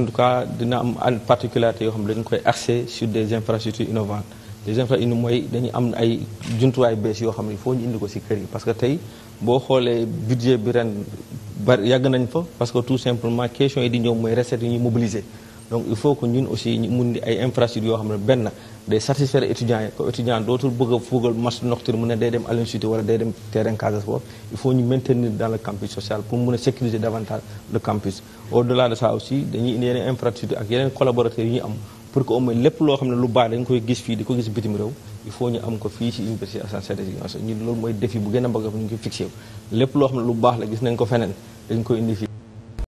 en tout cas dina am ay particularités yoo xam ne dañu koy axé sur des infrastructures innovantes des infrastructures innovantes mooy dañu am ay jumtuwaay bees yoo xam ne foo ñu indi ko si kër yi parce que tey boo xoolee budget bi ren bari yàgg nañ fa parce que tout simplement question yi di ñëw mooy recettes yi ñuy mobiliser donc il faut que ñun aussi ñu mun di ay infrastructures yoo xam ne benn day satisfaire étudiants yi ko étudiant dootul bëgg a fugal match nocturne mu ne day dem à l'université wala day dem terrain Casa Sport il faut ñu maintenir dans le campus social pour mun a sécuriser davantage le campus au delà de ça aussi dañuy indi yeneen infrastructure ak yeneen collaborateurs yi ñu am pour que au lépp loo xam ne lu baax dañ koy gis fii di ko gis bitim réew il faut ñu am ko fii ci université Assane Seck ñu loolu mooy baax la gis ko feneen dañ koy